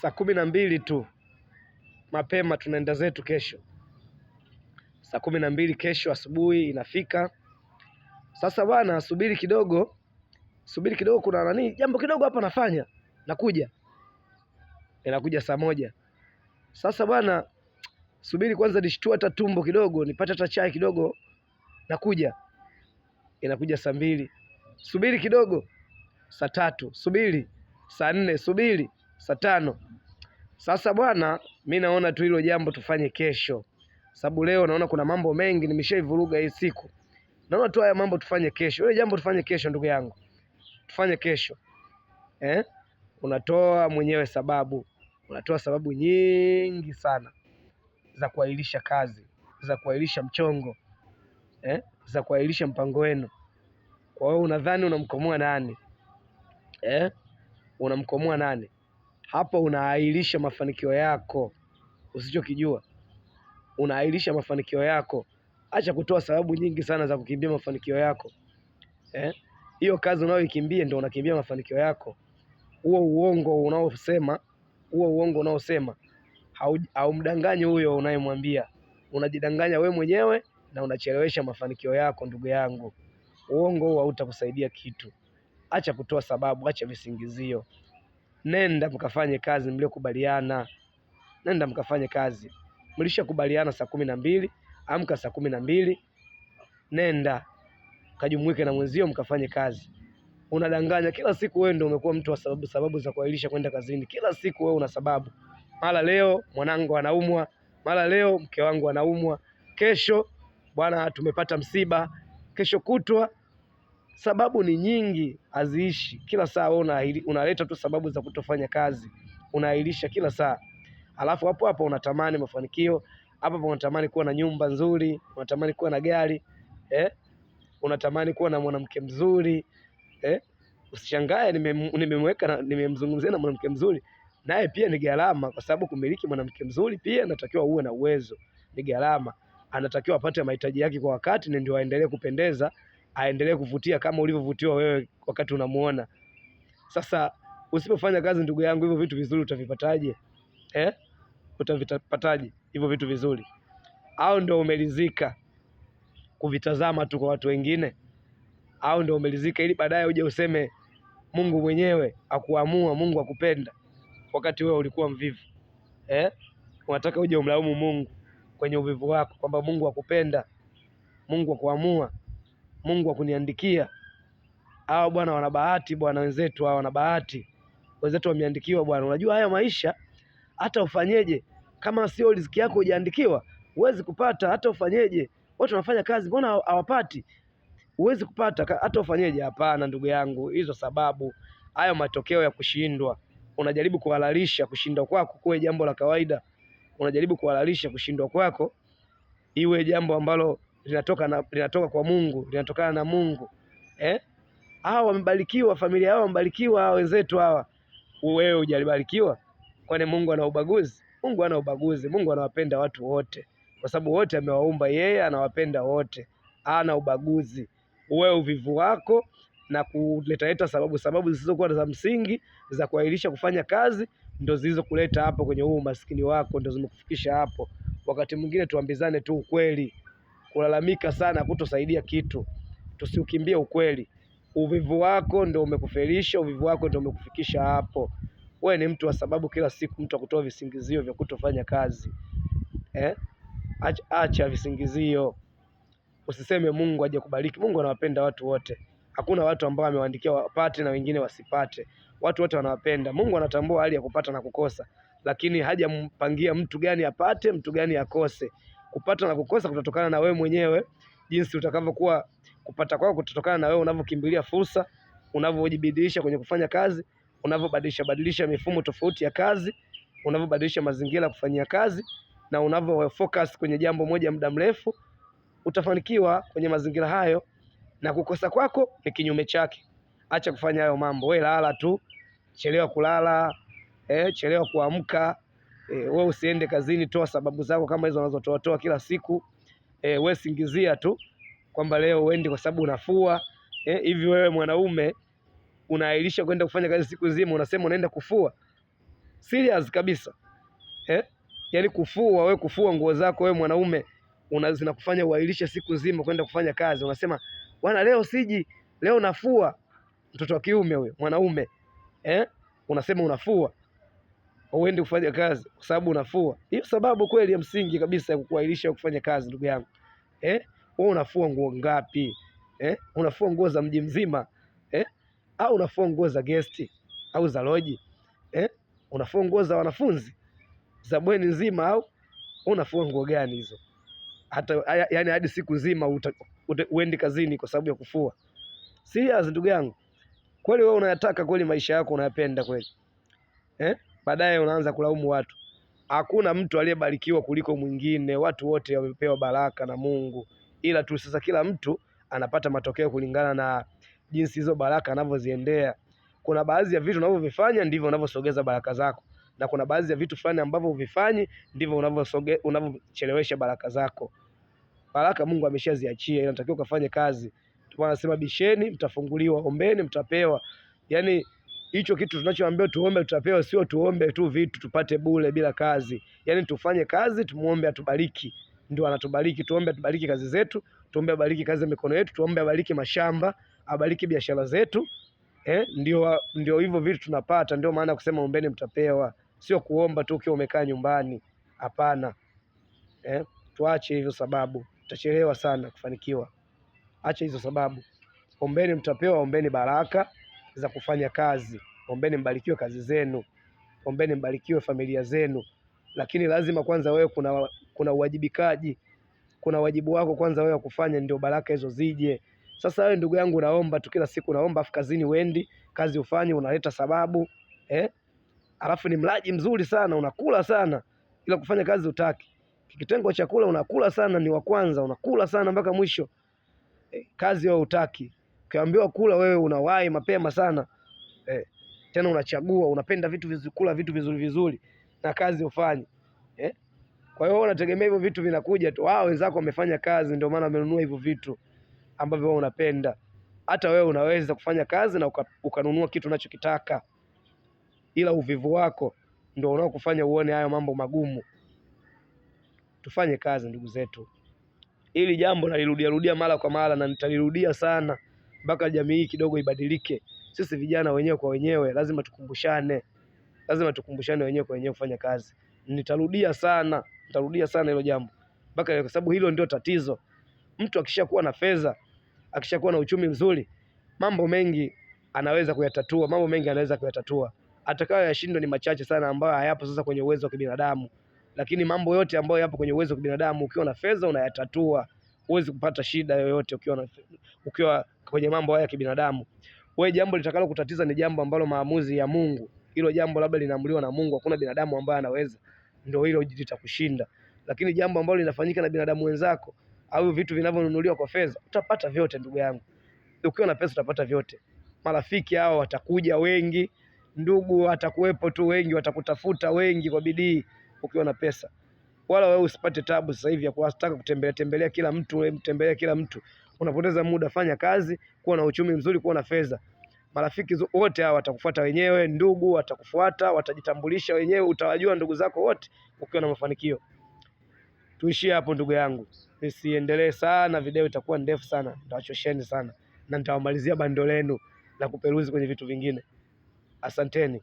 saa kumi na mbili tu mapema tunaenda zetu kesho. Saa kumi na mbili kesho asubuhi inafika. Sasa bwana, subiri kidogo, subiri kidogo, kuna nani, jambo kidogo hapa nafanya, nakuja. Inakuja saa moja. Sasa bwana, subiri kwanza nishtue hata tumbo kidogo, nipate hata chai kidogo, nakuja. Inakuja saa mbili. Subiri kidogo, saa tatu. Subiri saa nne. Subiri saa tano. Sasa bwana, mi naona tu hilo jambo tufanye kesho, sababu leo naona kuna mambo mengi nimeshaivuruga hii siku. Naona tu haya mambo tufanye kesho, ile jambo tufanye kesho, ndugu yangu, tufanye kesho eh? Unatoa mwenyewe sababu, unatoa sababu nyingi sana za kuahirisha kazi, za kuahirisha mchongo eh? za kuahirisha mpango wenu. Kwa hiyo unadhani unamkomoa nani eh? unamkomoa nani? Hapo unaahirisha mafanikio yako, usichokijua unaahirisha mafanikio yako. Acha kutoa sababu nyingi sana za kukimbia mafanikio yako eh? Hiyo kazi unayoikimbia ndio unakimbia mafanikio yako. Huo uongo unaosema, huo uongo unaosema haumdanganyi huyo unayemwambia, unajidanganya we mwenyewe na unachelewesha mafanikio yako. Ndugu yangu, uongo huo hautakusaidia kitu. Acha kutoa sababu, acha visingizio nenda mkafanye kazi mliokubaliana, nenda mkafanye kazi. Mlishakubaliana saa kumi na mbili, amka saa kumi na mbili, nenda kajumuike na mwenzio mkafanye kazi. Unadanganya kila siku, wewe ndio umekuwa mtu wa sababu, sababu za kuahirisha kwenda kazini. Kila siku wewe una sababu, mara leo mwanangu anaumwa, mara leo mke wangu anaumwa, kesho bwana tumepata msiba, kesho kutwa Sababu ni nyingi, haziishi. Kila saa wewe unaleta tu sababu za kutofanya kazi, unaahirisha kila saa, alafu hapo hapo unatamani mafanikio, hapo hapo unatamani kuwa na nyumba nzuri, unatamani kuwa na gari eh? unatamani kuwa na mwanamke mzuri eh? Usishangae nimemweka nime nimemzungumzia na mwanamke mzuri, naye pia ni gharama, kwa sababu kumiliki mwanamke mzuri pia natakiwa uwe na uwezo, ni gharama. Anatakiwa apate mahitaji yake kwa wakati, ndio aendelee kupendeza aendelee kuvutia kama ulivyovutiwa wewe wakati unamuona. Sasa usipofanya kazi, ndugu yangu, hivyo vitu vizuri utavipataje eh? Utavipataje hivyo vitu vizuri? Au ndio umelizika kuvitazama tu kwa watu wengine? Au ndio umelizika ili baadaye uje useme Mungu mwenyewe akuamua, Mungu akupenda, wakati wewe ulikuwa mvivu eh? Unataka uje umlaumu Mungu kwenye uvivu wako kwamba Mungu akupenda, Mungu akuamua. Mungu akuniandikia hawa bwana, wana bahati bwana, wenzetu hawa wana bahati, wenzetu wameandikiwa bwana. Unajua haya maisha, hata ufanyeje, kama sio riziki yako hujaandikiwa, huwezi kupata. Hata ufanyeje, watu wanafanya kazi, mbona hawapati? Huwezi kupata hata ufanyeje. Hapana ndugu yangu, hizo sababu, hayo matokeo ya kushindwa. Unajaribu kuhalalisha kushindwa kwako kuwe jambo la kawaida, unajaribu kuhalalisha kushindwa kwako iwe jambo ambalo linatoka, na, linatoka kwa Mungu, linatokana na Mungu eh? Hawa wamebarikiwa, familia yao wamebarikiwa, wenzetu hawa. Wewe hujabarikiwa? Kwani Mungu ana ubaguzi? Mungu ana ubaguzi. Mungu anawapenda watu wote, kwa sababu wote amewaumba yeye, anawapenda wote, ana ubaguzi. Wewe uvivu wako na kuletaleta sababu sababu zisizokuwa za msingi za kuahirisha kufanya kazi ndo zilizokuleta hapo kwenye huu umaskini wako, ndo zimekufikisha hapo. Wakati mwingine tuambizane tu ukweli kulalamika sana kutosaidia kitu. Tusiukimbie ukweli. Uvivu wako ndio umekufelisha, uvivu wako ndio umekufikisha hapo. Wewe ni mtu wa sababu, kila siku mtu akutoa visingizio vya kutofanya kazi eh? Acha, acha visingizio, usiseme Mungu hajakubariki. Mungu anawapenda watu wote, hakuna watu ambao amewaandikia wapate na wengine wasipate. Watu wote wanawapenda. Mungu anatambua hali ya kupata na kukosa, lakini hajampangia mtu gani apate, mtu gani akose kupata na kukosa kutatokana na wewe mwenyewe, jinsi utakavyokuwa. Kupata kwako kutatokana na wewe unavyokimbilia fursa, unavyojibidiisha kwenye kufanya kazi, unavyobadilisha badilisha mifumo tofauti ya kazi, unavyobadilisha mazingira ya kufanyia kazi na unavyofocus kwenye jambo moja muda mrefu, utafanikiwa kwenye mazingira hayo. Na kukosa kwako ni kinyume chake. Acha kufanya hayo mambo, we lala tu, chelewa kulala eh, chelewa kuamka. E, eh, we usiende kazini, toa sababu zako kama hizo unazotoa toa kila siku. E, eh, we singizia tu kwamba leo uende kwa sababu unafua. E, wewe mwanaume unaahirisha kwenda kufanya kazi siku nzima, unasema unaenda kufua? Serious kabisa eh? Yaani kufua, we kufua nguo zako wewe mwanaume una zinakufanya uahirishe siku nzima kwenda kufanya kazi, unasema bwana, leo siji, leo nafua. Mtoto wa kiume huyo mwanaume eh? Unasema unafua uende kufanya kazi kwa sababu unafua. Hiyo sababu kweli ya msingi kabisa ya kukuahirisha kufanya kazi, ndugu yangu eh? Wewe unafua nguo ngapi eh? Unafua nguo za mji mzima eh? Au unafua nguo za gesti au za loji eh? Unafua nguo za wanafunzi za bweni nzima au unafua nguo gani hizo? Hata yani hadi siku nzima uende kazini kwa sababu ya kufua. Serious ndugu yangu, kweli wewe unayataka kweli maisha yako unayapenda kweli eh? baadaye unaanza kulaumu watu. Hakuna mtu aliyebarikiwa kuliko mwingine, watu wote wamepewa baraka na Mungu, ila tu sasa kila mtu anapata matokeo kulingana na jinsi hizo baraka anavyoziendea. Kuna baadhi ya vitu unavyovifanya ndivyo unavyosogeza baraka zako, na kuna baadhi ya vitu fulani ambavyo uvifanyi ndivyo unavyosoge unavyochelewesha baraka zako. Baraka Mungu ameshaziachia, inatakiwa ukafanye kazi. Anasema bisheni mtafunguliwa, ombeni mtapewa, yaani hicho kitu tunachoambiwa tuombe tutapewa, sio tuombe tu vitu tupate bure bila kazi. Yaani tufanye kazi, tumuombe atubariki, ndio anatubariki. Tuombe atubariki kazi zetu, tuombe abariki kazi za mikono yetu, tuombe abariki mashamba, abariki biashara zetu. Eh, ndio ndio hivyo vitu tunapata. Ndio maana kusema ombeni mtapewa, sio kuomba tu ukiwa umekaa nyumbani. Hapana, eh, tuache hizo sababu, tutachelewa sana kufanikiwa. Acha hizo sababu, ombeni mtapewa, ombeni baraka za kufanya kazi. Ombeni mbarikiwe kazi zenu, ombeni mbarikiwe familia zenu, lakini lazima kwanza wewe kuna kuna uwajibikaji, kuna wajibu wako kwanza wewe kufanya, ndio baraka hizo zije. Sasa wewe ndugu yangu, naomba tu kila siku naomba, afu kazini uendi kazi ufanye, unaleta sababu eh? Alafu ni mlaji mzuri sana, unakula sana ila kufanya kazi utaki. Kitengo cha kula unakula sana, ni wa kwanza, unakula sana mpaka mwisho eh, kazi wewe utaki. Ukiambiwa kula wewe unawahi mapema sana eh, tena unachagua, unapenda vitu vizuri, kula vitu vizuri vizuri na kazi ufanye eh. Kwa hiyo unategemea hivyo vitu vinakuja tu, wao wenzako wamefanya kazi, ndio maana wamenunua hivyo vitu ambavyo wewe unapenda. Hata wewe unaweza kufanya kazi na ukanunua kitu unachokitaka, ila uvivu wako ndio unaokufanya uone hayo mambo magumu. Tufanye kazi ndugu zetu, ili jambo nalirudia rudia mara kwa mara na nitalirudia sana mpaka jamii hii kidogo ibadilike. Sisi vijana wenyewe kwa wenyewe lazima tukumbushane, lazima tukumbushane wenyewe kwa wenyewe kufanya kazi. Nitarudia sana, nitarudia sana hilo jambo mpaka, kwa sababu hilo ndio tatizo. Mtu akishakuwa na fedha, akishakuwa na uchumi mzuri, mambo mengi anaweza kuyatatua, mambo mengi anaweza kuyatatua. Atakayo yashindwa ni machache sana, ambayo hayapo sasa kwenye uwezo wa kibinadamu, lakini mambo yote ambayo yapo kwenye uwezo wa kibinadamu, ukiwa na fedha unayatatua huwezi kupata shida yoyote ukiwa na, ukiwa kwenye mambo haya ya kibinadamu. Wewe jambo litakalo kutatiza ni jambo ambalo maamuzi ya Mungu, hilo jambo labda linaamuliwa na Mungu, hakuna binadamu ambaye anaweza, ndio hilo litakushinda. Lakini jambo ambalo linafanyika na binadamu wenzako au vitu vinavyonunuliwa kwa fedha, utapata vyote ndugu yangu. Ukiwa na pesa utapata vyote, marafiki hao watakuja wengi, ndugu watakuwepo tu wengi, watakutafuta wengi kwa bidii ukiwa na pesa wala wewe usipate tabu sasa hivi ya kuwataka kutembelea tembelea kila mtu, wewe mtembelea kila mtu, unapoteza muda. Fanya kazi, kuwa na uchumi mzuri, kuwa na fedha. Marafiki wote hawa watakufuata wenyewe, ndugu watakufuata, watajitambulisha wenyewe, utawajua ndugu zako wote ukiwa na mafanikio. Tuishie hapo ndugu yangu, nisiendelee sana, video itakuwa ndefu sana, nitawachosheni sana na nitawamalizia bando lenu la kuperuzi kwenye vitu vingine. Asanteni.